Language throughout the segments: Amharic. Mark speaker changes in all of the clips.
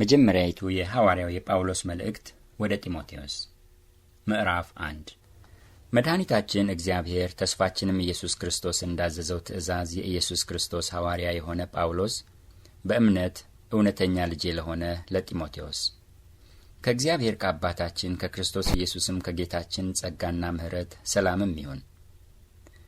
Speaker 1: መጀመሪያይቱ የሐዋርያው የጳውሎስ መልእክት ወደ ጢሞቴዎስ ምዕራፍ አንድ መድኃኒታችን እግዚአብሔር ተስፋችንም ኢየሱስ ክርስቶስ እንዳዘዘው ትእዛዝ የኢየሱስ ክርስቶስ ሐዋርያ የሆነ ጳውሎስ በእምነት እውነተኛ ልጄ ለሆነ ለጢሞቴዎስ ከእግዚአብሔር ከአባታችን ከክርስቶስ ኢየሱስም ከጌታችን ጸጋና ምሕረት ሰላምም ይሁን።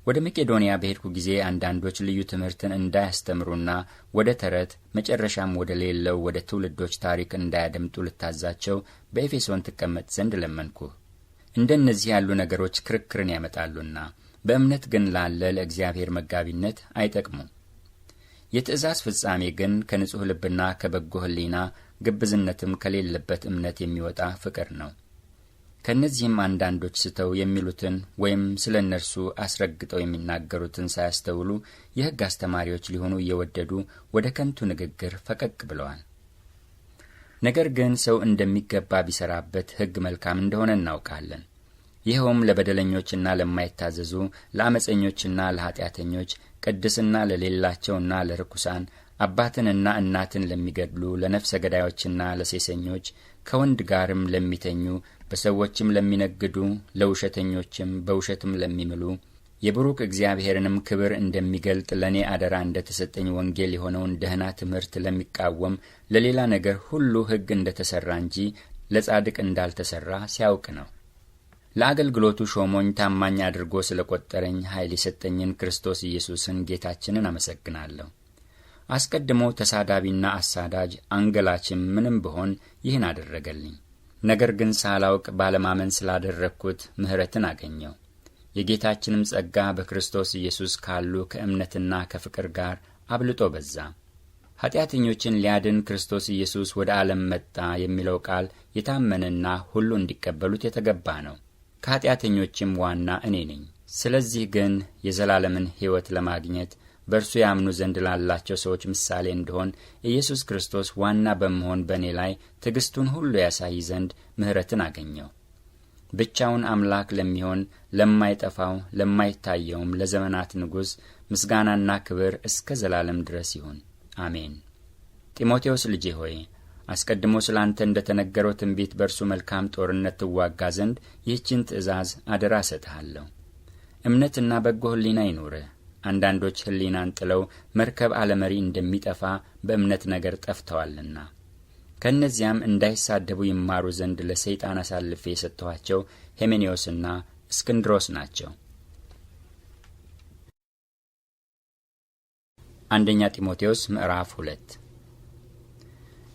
Speaker 1: ወደ መቄዶንያ በሄድኩ ጊዜ አንዳንዶች ልዩ ትምህርትን እንዳያስተምሩና ወደ ተረት መጨረሻም ወደ ሌለው ወደ ትውልዶች ታሪክ እንዳያደምጡ ልታዛቸው በኤፌሶን ትቀመጥ ዘንድ ለመንኩ እንደነዚህ ያሉ ነገሮች ክርክርን ያመጣሉና በእምነት ግን ላለ ለእግዚአብሔር መጋቢነት አይጠቅሙም። የትእዛዝ ፍጻሜ ግን ከንጹሕ ልብና ከበጎ ሕሊና ግብዝነትም ከሌለበት እምነት የሚወጣ ፍቅር ነው። ከእነዚህም አንዳንዶች ስተው የሚሉትን ወይም ስለ እነርሱ አስረግጠው የሚናገሩትን ሳያስተውሉ የሕግ አስተማሪዎች ሊሆኑ እየወደዱ ወደ ከንቱ ንግግር ፈቀቅ ብለዋል። ነገር ግን ሰው እንደሚገባ ቢሰራበት ሕግ መልካም እንደሆነ እናውቃለን። ይኸውም ለበደለኞችና ለማይታዘዙ ለአመፀኞችና ለኀጢአተኞች፣ ቅድስና ለሌላቸውና ለርኩሳን አባትንና እናትን ለሚገድሉ ለነፍሰ ገዳዮችና ለሴሰኞች ከወንድ ጋርም ለሚተኙ በሰዎችም ለሚነግዱ ለውሸተኞችም በውሸትም ለሚምሉ የብሩክ እግዚአብሔርንም ክብር እንደሚገልጥ ለእኔ አደራ እንደ ተሰጠኝ ወንጌል የሆነውን ደህና ትምህርት ለሚቃወም ለሌላ ነገር ሁሉ ሕግ እንደ ተሠራ እንጂ ለጻድቅ እንዳልተሠራ ሲያውቅ ነው። ለአገልግሎቱ ሾሞኝ ታማኝ አድርጎ ስለ ቈጠረኝ ኀይል የሰጠኝን ክርስቶስ ኢየሱስን ጌታችንን አመሰግናለሁ። አስቀድሞ ተሳዳቢና አሳዳጅ አንገላችም ምንም ብሆን ይህን አደረገልኝ። ነገር ግን ሳላውቅ ባለማመን ስላደረግኩት ምሕረትን አገኘው። የጌታችንም ጸጋ በክርስቶስ ኢየሱስ ካሉ ከእምነትና ከፍቅር ጋር አብልጦ በዛ። ኀጢአተኞችን ሊያድን ክርስቶስ ኢየሱስ ወደ ዓለም መጣ የሚለው ቃል የታመነና ሁሉ እንዲቀበሉት የተገባ ነው። ከኀጢአተኞችም ዋና እኔ ነኝ። ስለዚህ ግን የዘላለምን ሕይወት ለማግኘት በእርሱ ያምኑ ዘንድ ላላቸው ሰዎች ምሳሌ እንደሆን ኢየሱስ ክርስቶስ ዋና በመሆን በእኔ ላይ ትዕግስቱን ሁሉ ያሳይ ዘንድ ምሕረትን አገኘው። ብቻውን አምላክ ለሚሆን ለማይጠፋው ለማይታየውም ለዘመናት ንጉሥ ምስጋናና ክብር እስከ ዘላለም ድረስ ይሁን፣ አሜን። ጢሞቴዎስ ልጄ ሆይ አስቀድሞ ስለ አንተ እንደ ተነገረው ትንቢት በእርሱ መልካም ጦርነት ትዋጋ ዘንድ ይህችን ትእዛዝ አደራ እሰጥሃለሁ። እምነትና በጎ ሕሊና ይኑርህ። አንዳንዶች ሕሊናን ጥለው መርከብ አለመሪ እንደሚጠፋ በእምነት ነገር ጠፍተዋልና። ከእነዚያም እንዳይሳደቡ ይማሩ ዘንድ ለሰይጣን አሳልፌ የሰጥኋቸው ሄሜኔዎስና እስክንድሮስ ናቸው። አንደኛ ጢሞቴዎስ ምዕራፍ ሁለት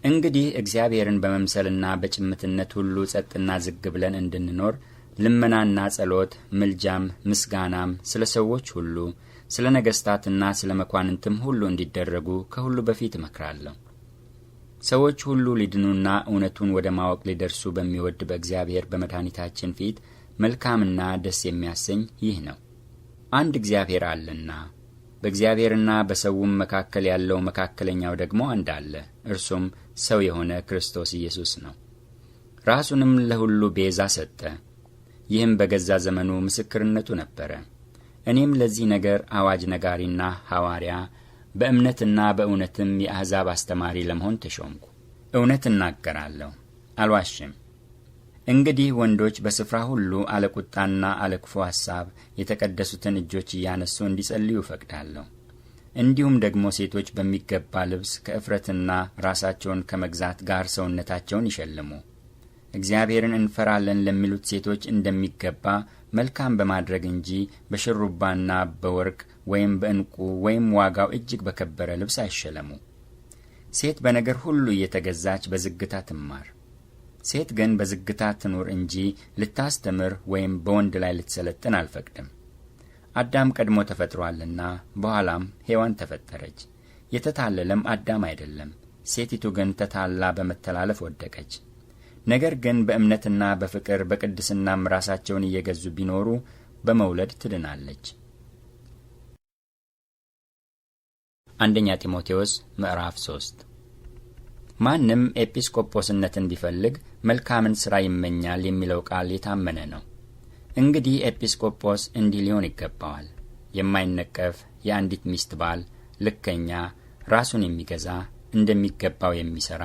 Speaker 1: እንግዲህ እግዚአብሔርን በመምሰልና በጭምትነት ሁሉ ጸጥና ዝግ ብለን እንድንኖር ልመናና ጸሎት፣ ምልጃም፣ ምስጋናም ስለ ሰዎች ሁሉ ስለ ነገሥታትና ስለ መኳንንትም ሁሉ እንዲደረጉ ከሁሉ በፊት እመክራለሁ። ሰዎች ሁሉ ሊድኑና እውነቱን ወደ ማወቅ ሊደርሱ በሚወድ በእግዚአብሔር በመድኃኒታችን ፊት መልካምና ደስ የሚያሰኝ ይህ ነው። አንድ እግዚአብሔር አለና በእግዚአብሔርና በሰውም መካከል ያለው መካከለኛው ደግሞ አንድ አለ፣ እርሱም ሰው የሆነ ክርስቶስ ኢየሱስ ነው። ራሱንም ለሁሉ ቤዛ ሰጠ። ይህም በገዛ ዘመኑ ምስክርነቱ ነበረ። እኔም ለዚህ ነገር አዋጅ ነጋሪና ሐዋርያ በእምነትና በእውነትም የአሕዛብ አስተማሪ ለመሆን ተሾምኩ። እውነት እናገራለሁ፣ አልዋሽም። እንግዲህ ወንዶች በስፍራ ሁሉ አለ ቁጣና አለ ክፉ ሐሳብ የተቀደሱትን እጆች እያነሱ እንዲጸልዩ እፈቅዳለሁ። እንዲሁም ደግሞ ሴቶች በሚገባ ልብስ ከእፍረትና ራሳቸውን ከመግዛት ጋር ሰውነታቸውን ይሸልሙ። እግዚአብሔርን እንፈራለን ለሚሉት ሴቶች እንደሚገባ መልካም በማድረግ እንጂ በሽሩባና በወርቅ ወይም በእንቁ ወይም ዋጋው እጅግ በከበረ ልብስ አይሸለሙ። ሴት በነገር ሁሉ እየተገዛች በዝግታ ትማር። ሴት ግን በዝግታ ትኑር እንጂ ልታስተምር ወይም በወንድ ላይ ልትሰለጥን አልፈቅድም። አዳም ቀድሞ ተፈጥሯልና በኋላም ሔዋን ተፈጠረች። የተታለለም አዳም አይደለም፣ ሴቲቱ ግን ተታላ በመተላለፍ ወደቀች። ነገር ግን በእምነትና በፍቅር በቅድስናም ራሳቸውን እየገዙ ቢኖሩ በመውለድ ትድናለች። አንደኛ ጢሞቴዎስ ምዕራፍ 3 ማንም ኤጲስቆጶስነትን ቢፈልግ መልካምን ሥራ ይመኛል የሚለው ቃል የታመነ ነው። እንግዲህ ኤጲስቆጶስ እንዲህ ሊሆን ይገባዋል። የማይነቀፍ የአንዲት ሚስት ባል፣ ልከኛ፣ ራሱን የሚገዛ እንደሚገባው የሚሠራ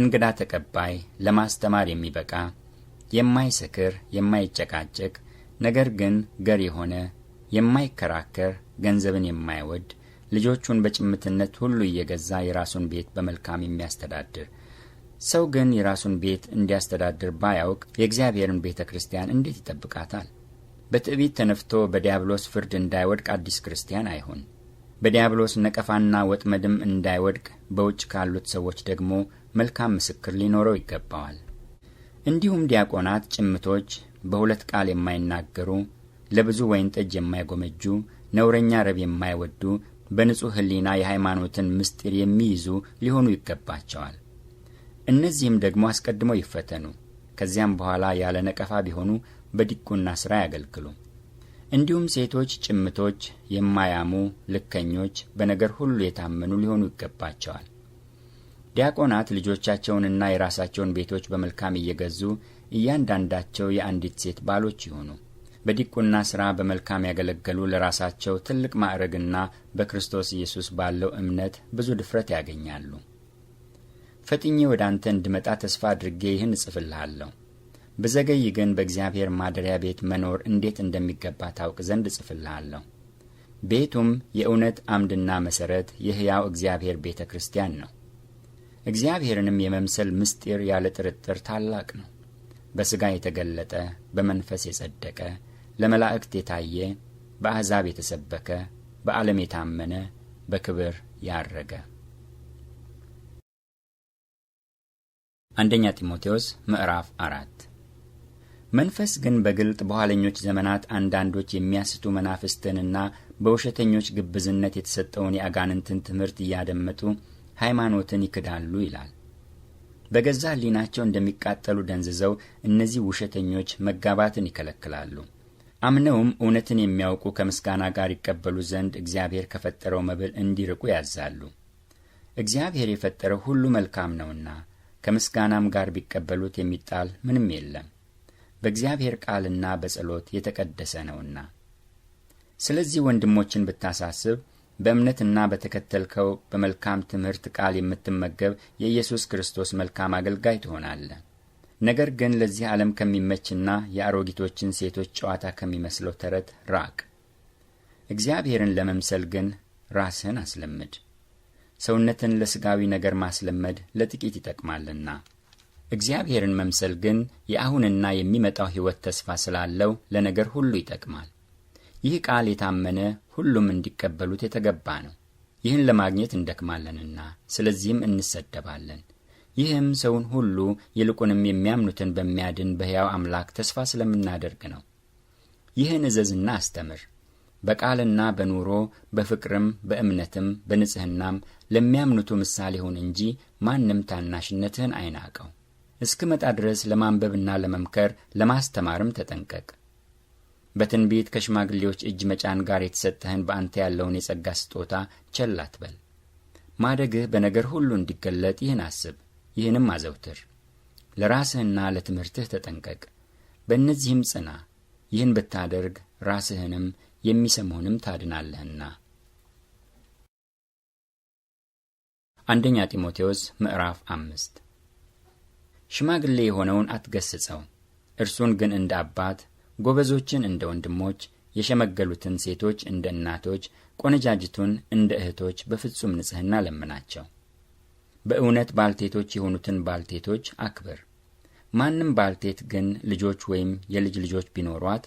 Speaker 1: እንግዳ ተቀባይ፣ ለማስተማር የሚበቃ የማይሰክር፣ የማይጨቃጭቅ ነገር ግን ገር የሆነ የማይከራከር፣ ገንዘብን የማይወድ ልጆቹን በጭምትነት ሁሉ እየገዛ የራሱን ቤት በመልካም የሚያስተዳድር ሰው ግን የራሱን ቤት እንዲያስተዳድር ባያውቅ የእግዚአብሔርን ቤተ ክርስቲያን እንዴት ይጠብቃታል? በትዕቢት ተነፍቶ በዲያብሎስ ፍርድ እንዳይወድቅ አዲስ ክርስቲያን አይሆን። በዲያብሎስ ነቀፋና ወጥመድም እንዳይወድቅ በውጭ ካሉት ሰዎች ደግሞ መልካም ምስክር ሊኖረው ይገባዋል። እንዲሁም ዲያቆናት ጭምቶች፣ በሁለት ቃል የማይናገሩ፣ ለብዙ ወይን ጠጅ የማይጎመጁ፣ ነውረኛ ረብ የማይወዱ፣ በንጹሕ ሕሊና የሃይማኖትን ምስጢር የሚይዙ ሊሆኑ ይገባቸዋል። እነዚህም ደግሞ አስቀድመው ይፈተኑ፣ ከዚያም በኋላ ያለ ነቀፋ ቢሆኑ በዲቁና ሥራ ያገልግሉ። እንዲሁም ሴቶች ጭምቶች፣ የማያሙ፣ ልከኞች፣ በነገር ሁሉ የታመኑ ሊሆኑ ይገባቸዋል። ዲያቆናት ልጆቻቸውንና የራሳቸውን ቤቶች በመልካም እየገዙ እያንዳንዳቸው የአንዲት ሴት ባሎች ይሆኑ። በዲቁና ሥራ በመልካም ያገለገሉ ለራሳቸው ትልቅ ማዕረግና በክርስቶስ ኢየሱስ ባለው እምነት ብዙ ድፍረት ያገኛሉ። ፈጥኜ ወደ አንተ እንድመጣ ተስፋ አድርጌ ይህን እጽፍልሃለሁ። ብዘገይ ግን በእግዚአብሔር ማደሪያ ቤት መኖር እንዴት እንደሚገባ ታውቅ ዘንድ እጽፍልሃለሁ። ቤቱም የእውነት አምድና መሠረት የሕያው እግዚአብሔር ቤተ ክርስቲያን ነው። እግዚአብሔርንም የመምሰል ምስጢር ያለ ጥርጥር ታላቅ ነው። በሥጋ የተገለጠ በመንፈስ የጸደቀ ለመላእክት የታየ በአሕዛብ የተሰበከ በዓለም የታመነ በክብር ያረገ። አንደኛ ጢሞቴዎስ ምዕራፍ አራት መንፈስ ግን በግልጥ በኋለኞች ዘመናት አንዳንዶች የሚያስቱ መናፍስትንና በውሸተኞች ግብዝነት የተሰጠውን የአጋንንትን ትምህርት እያደመጡ ሃይማኖትን ይክዳሉ ይላል። በገዛ ሕሊናቸው እንደሚቃጠሉ ደንዝዘው እነዚህ ውሸተኞች መጋባትን ይከለክላሉ። አምነውም እውነትን የሚያውቁ ከምስጋና ጋር ይቀበሉ ዘንድ እግዚአብሔር ከፈጠረው መብል እንዲርቁ ያዛሉ። እግዚአብሔር የፈጠረው ሁሉ መልካም ነውና ከምስጋናም ጋር ቢቀበሉት የሚጣል ምንም የለም፣ በእግዚአብሔር ቃልና በጸሎት የተቀደሰ ነውና። ስለዚህ ወንድሞችን ብታሳስብ በእምነትና በተከተልከው በመልካም ትምህርት ቃል የምትመገብ የኢየሱስ ክርስቶስ መልካም አገልጋይ ትሆናለህ። ነገር ግን ለዚህ ዓለም ከሚመችና የአሮጊቶችን ሴቶች ጨዋታ ከሚመስለው ተረት ራቅ። እግዚአብሔርን ለመምሰል ግን ራስህን አስለምድ። ሰውነትን ለሥጋዊ ነገር ማስለመድ ለጥቂት ይጠቅማልና እግዚአብሔርን መምሰል ግን የአሁንና የሚመጣው ሕይወት ተስፋ ስላለው ለነገር ሁሉ ይጠቅማል። ይህ ቃል የታመነ ሁሉም እንዲቀበሉት የተገባ ነው። ይህን ለማግኘት እንደክማለንና ስለዚህም እንሰደባለን። ይህም ሰውን ሁሉ ይልቁንም የሚያምኑትን በሚያድን በሕያው አምላክ ተስፋ ስለምናደርግ ነው። ይህን እዘዝና አስተምር። በቃልና በኑሮ በፍቅርም በእምነትም በንጽሕናም ለሚያምኑቱ ምሳሌ ሁን እንጂ ማንም ታናሽነትህን አይናቀው። እስክመጣ ድረስ ለማንበብና ለመምከር ለማስተማርም ተጠንቀቅ። በትንቢት ከሽማግሌዎች እጅ መጫን ጋር የተሰጠህን በአንተ ያለውን የጸጋ ስጦታ ቸላት አትበል። ማደግህ በነገር ሁሉ እንዲገለጥ ይህን አስብ፣ ይህንም አዘውትር። ለራስህና ለትምህርትህ ተጠንቀቅ፣ በእነዚህም ጽና። ይህን ብታደርግ ራስህንም የሚሰሙንም ታድናለህና። አንደኛ ጢሞቴዎስ ምዕራፍ አምስት ሽማግሌ የሆነውን አትገስጸው፣ እርሱን ግን እንደ አባት ጎበዞችን እንደ ወንድሞች፣ የሸመገሉትን ሴቶች እንደ እናቶች፣ ቆነጃጅቱን እንደ እህቶች በፍጹም ንጽሕና ለምናቸው። በእውነት ባልቴቶች የሆኑትን ባልቴቶች አክብር። ማንም ባልቴት ግን ልጆች ወይም የልጅ ልጆች ቢኖሯት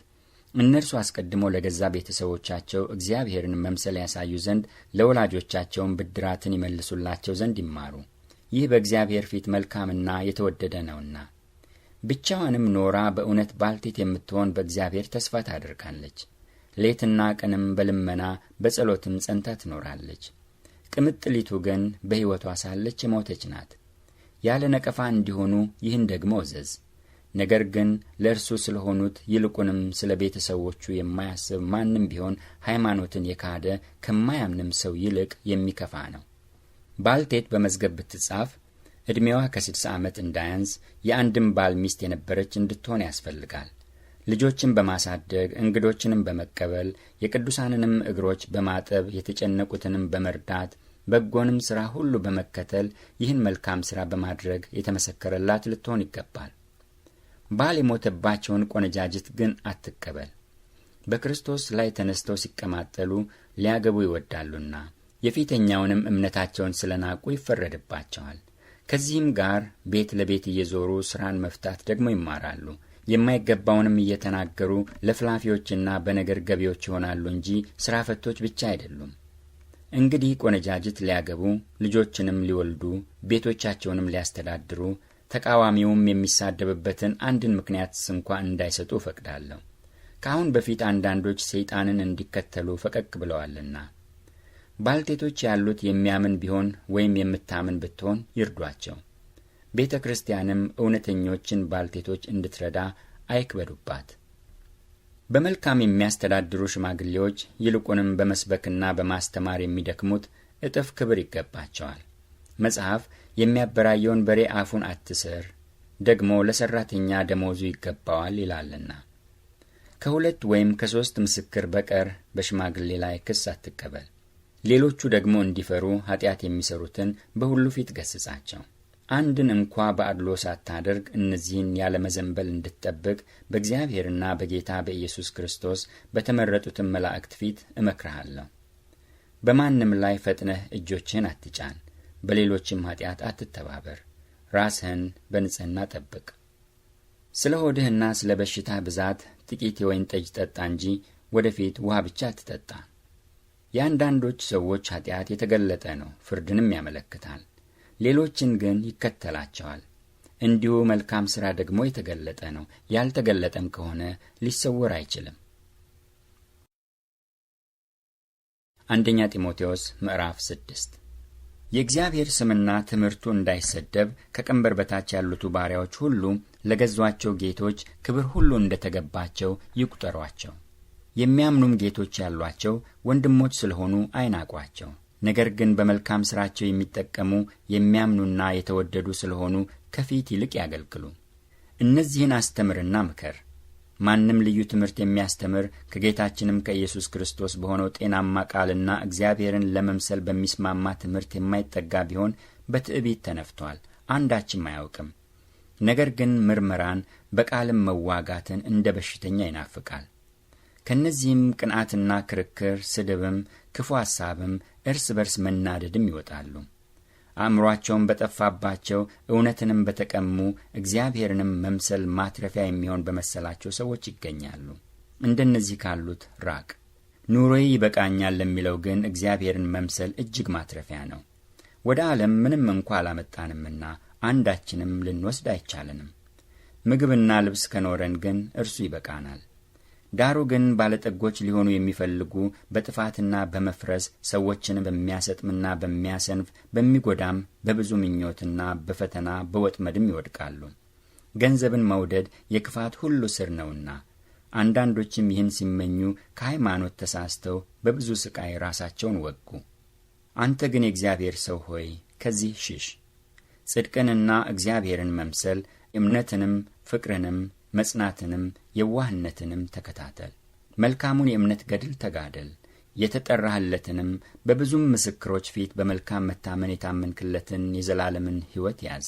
Speaker 1: እነርሱ አስቀድሞ ለገዛ ቤተሰቦቻቸው እግዚአብሔርን መምሰል ያሳዩ ዘንድ ለወላጆቻቸውን ብድራትን ይመልሱላቸው ዘንድ ይማሩ። ይህ በእግዚአብሔር ፊት መልካምና የተወደደ ነውና። ብቻዋንም ኖራ በእውነት ባልቴት የምትሆን በእግዚአብሔር ተስፋ ታደርጋለች። ሌትና ቀንም በልመና በጸሎትም ጸንታ ትኖራለች። ቅምጥሊቱ ግን በሕይወቷ ሳለች የሞተች ናት። ያለ ነቀፋ እንዲሆኑ ይህን ደግሞ እዘዝ። ነገር ግን ለእርሱ ስለሆኑት ይልቁንም ስለ ቤተሰቦቹ የማያስብ ማንም ቢሆን ሃይማኖትን የካደ ከማያምንም ሰው ይልቅ የሚከፋ ነው። ባልቴት በመዝገብ ብትጻፍ ዕድሜዋ ከ60 ዓመት እንዳያንስ የአንድም ባል ሚስት የነበረች እንድትሆን ያስፈልጋል። ልጆችን በማሳደግ እንግዶችንም በመቀበል የቅዱሳንንም እግሮች በማጠብ የተጨነቁትንም በመርዳት በጎንም ሥራ ሁሉ በመከተል ይህን መልካም ሥራ በማድረግ የተመሰከረላት ልትሆን ይገባል። ባል የሞተባቸውን ቆነጃጅት ግን አትቀበል። በክርስቶስ ላይ ተነስተው ሲቀማጠሉ ሊያገቡ ይወዳሉና የፊተኛውንም እምነታቸውን ስለናቁ ይፈረድባቸዋል። ከዚህም ጋር ቤት ለቤት እየዞሩ ስራን መፍታት ደግሞ ይማራሉ። የማይገባውንም እየተናገሩ ለፍላፊዎችና በነገር ገቢዎች ይሆናሉ እንጂ ስራ ፈቶች ብቻ አይደሉም። እንግዲህ ቆነጃጅት ሊያገቡ ልጆችንም ሊወልዱ ቤቶቻቸውንም ሊያስተዳድሩ ተቃዋሚውም የሚሳደብበትን አንድን ምክንያት ስንኳ እንዳይሰጡ እፈቅዳለሁ። ከአሁን በፊት አንዳንዶች ሰይጣንን እንዲከተሉ ፈቀቅ ብለዋልና ባልቴቶች ያሉት የሚያምን ቢሆን ወይም የምታምን ብትሆን ይርዷቸው። ቤተ ክርስቲያንም እውነተኞችን ባልቴቶች እንድትረዳ አይክበዱባት። በመልካም የሚያስተዳድሩ ሽማግሌዎች ይልቁንም በመስበክና በማስተማር የሚደክሙት እጥፍ ክብር ይገባቸዋል። መጽሐፍ የሚያበራየውን በሬ አፉን አትስር፣ ደግሞ ለሠራተኛ ደሞዙ ይገባዋል ይላልና። ከሁለት ወይም ከሦስት ምስክር በቀር በሽማግሌ ላይ ክስ አትቀበል። ሌሎቹ ደግሞ እንዲፈሩ ኃጢአት የሚሰሩትን በሁሉ ፊት ገስጻቸው። አንድን እንኳ በአድሎ ሳታደርግ እነዚህን ያለመዘንበል እንድትጠብቅ በእግዚአብሔርና በጌታ በኢየሱስ ክርስቶስ በተመረጡትን መላእክት ፊት እመክርሃለሁ። በማንም ላይ ፈጥነህ እጆችህን አትጫን፣ በሌሎችም ኃጢአት አትተባበር። ራስህን በንጽሕና ጠብቅ። ስለ ሆድህና ስለ በሽታህ ብዛት ጥቂት የወይን ጠጅ ጠጣ እንጂ ወደፊት ውሃ ብቻ አትጠጣ። የአንዳንዶች ሰዎች ኃጢአት የተገለጠ ነው፣ ፍርድንም ያመለክታል። ሌሎችን ግን ይከተላቸዋል። እንዲሁ መልካም ሥራ ደግሞ የተገለጠ ነው፣ ያልተገለጠም ከሆነ ሊሰወር አይችልም። አንደኛ ጢሞቴዎስ ምዕራፍ ስድስት የእግዚአብሔር ስምና ትምህርቱ እንዳይሰደብ ከቀንበር በታች ያሉቱ ባሪያዎች ሁሉ ለገዟቸው ጌቶች ክብር ሁሉ እንደተገባቸው ይቁጠሯቸው። የሚያምኑም ጌቶች ያሏቸው ወንድሞች ስለሆኑ አይናቋቸው። ነገር ግን በመልካም ሥራቸው የሚጠቀሙ የሚያምኑና የተወደዱ ስለሆኑ ከፊት ይልቅ ያገልግሉ። እነዚህን አስተምርና ምከር። ማንም ልዩ ትምህርት የሚያስተምር ከጌታችንም ከኢየሱስ ክርስቶስ በሆነው ጤናማ ቃልና እግዚአብሔርን ለመምሰል በሚስማማ ትምህርት የማይጠጋ ቢሆን በትዕቢት ተነፍቷል፣ አንዳችም አያውቅም። ነገር ግን ምርመራን በቃልም መዋጋትን እንደ በሽተኛ ይናፍቃል። ከእነዚህም ቅንዓትና ክርክር፣ ስድብም፣ ክፉ ሐሳብም፣ እርስ በርስ መናደድም ይወጣሉ። አእምሯቸውን በጠፋባቸው እውነትንም በተቀሙ እግዚአብሔርንም መምሰል ማትረፊያ የሚሆን በመሰላቸው ሰዎች ይገኛሉ። እንደነዚህ ካሉት ራቅ። ኑሮዬ ይበቃኛል ለሚለው ግን እግዚአብሔርን መምሰል እጅግ ማትረፊያ ነው። ወደ ዓለም ምንም እንኳ አላመጣንምና አንዳችንም ልንወስድ አይቻለንም። ምግብና ልብስ ከኖረን ግን እርሱ ይበቃናል። ዳሩ ግን ባለጠጎች ሊሆኑ የሚፈልጉ በጥፋትና በመፍረስ ሰዎችን በሚያሰጥምና በሚያሰንፍ በሚጎዳም በብዙ ምኞትና በፈተና በወጥመድም ይወድቃሉ። ገንዘብን መውደድ የክፋት ሁሉ ስር ነውና አንዳንዶችም ይህን ሲመኙ ከሃይማኖት ተሳስተው በብዙ ሥቃይ ራሳቸውን ወጉ። አንተ ግን የእግዚአብሔር ሰው ሆይ ከዚህ ሽሽ፣ ጽድቅንና እግዚአብሔርን መምሰል እምነትንም ፍቅርንም መጽናትንም የዋህነትንም ተከታተል። መልካሙን የእምነት ገድል ተጋደል። የተጠራህለትንም በብዙም ምስክሮች ፊት በመልካም መታመን የታመንክለትን የዘላለምን ሕይወት ያዝ።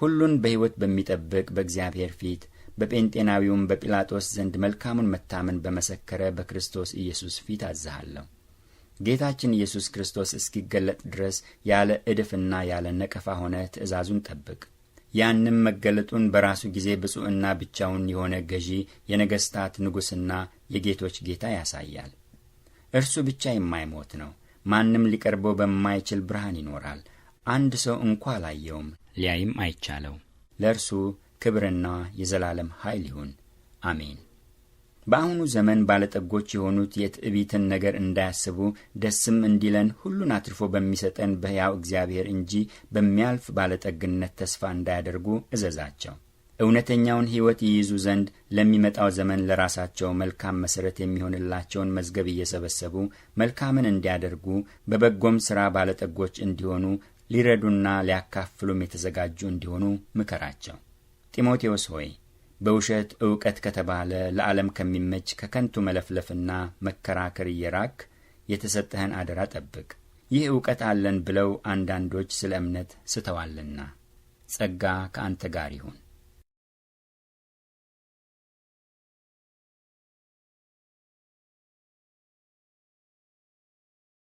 Speaker 1: ሁሉን በሕይወት በሚጠብቅ በእግዚአብሔር ፊት በጴንጤናዊውም በጲላጦስ ዘንድ መልካሙን መታመን በመሰከረ በክርስቶስ ኢየሱስ ፊት አዝሃለሁ። ጌታችን ኢየሱስ ክርስቶስ እስኪገለጥ ድረስ ያለ እድፍና ያለ ነቀፋ ሆነ ትእዛዙን ጠብቅ። ያንም መገለጡን በራሱ ጊዜ ብፁዕና ብቻውን የሆነ ገዢ የነገሥታት ንጉሥና የጌቶች ጌታ ያሳያል። እርሱ ብቻ የማይሞት ነው። ማንም ሊቀርበው በማይችል ብርሃን ይኖራል። አንድ ሰው እንኳ አላየውም፣ ሊያይም አይቻለው። ለእርሱ ክብርና የዘላለም ኃይል ይሁን፣ አሜን። በአሁኑ ዘመን ባለጠጎች የሆኑት የትዕቢትን ነገር እንዳያስቡ ደስም እንዲለን ሁሉን አትርፎ በሚሰጠን በሕያው እግዚአብሔር እንጂ በሚያልፍ ባለጠግነት ተስፋ እንዳያደርጉ እዘዛቸው። እውነተኛውን ሕይወት ይይዙ ዘንድ ለሚመጣው ዘመን ለራሳቸው መልካም መሠረት የሚሆንላቸውን መዝገብ እየሰበሰቡ መልካምን እንዲያደርጉ በበጎም ሥራ ባለጠጎች እንዲሆኑ ሊረዱና ሊያካፍሉም የተዘጋጁ እንዲሆኑ ምከራቸው። ጢሞቴዎስ ሆይ በውሸት ዕውቀት ከተባለ ለዓለም ከሚመች ከከንቱ መለፍለፍና መከራከር እየራክ የተሰጠህን አደራ ጠብቅ። ይህ ዕውቀት አለን ብለው አንዳንዶች ስለ እምነት ስተዋልና ጸጋ ከአንተ ጋር ይሁን።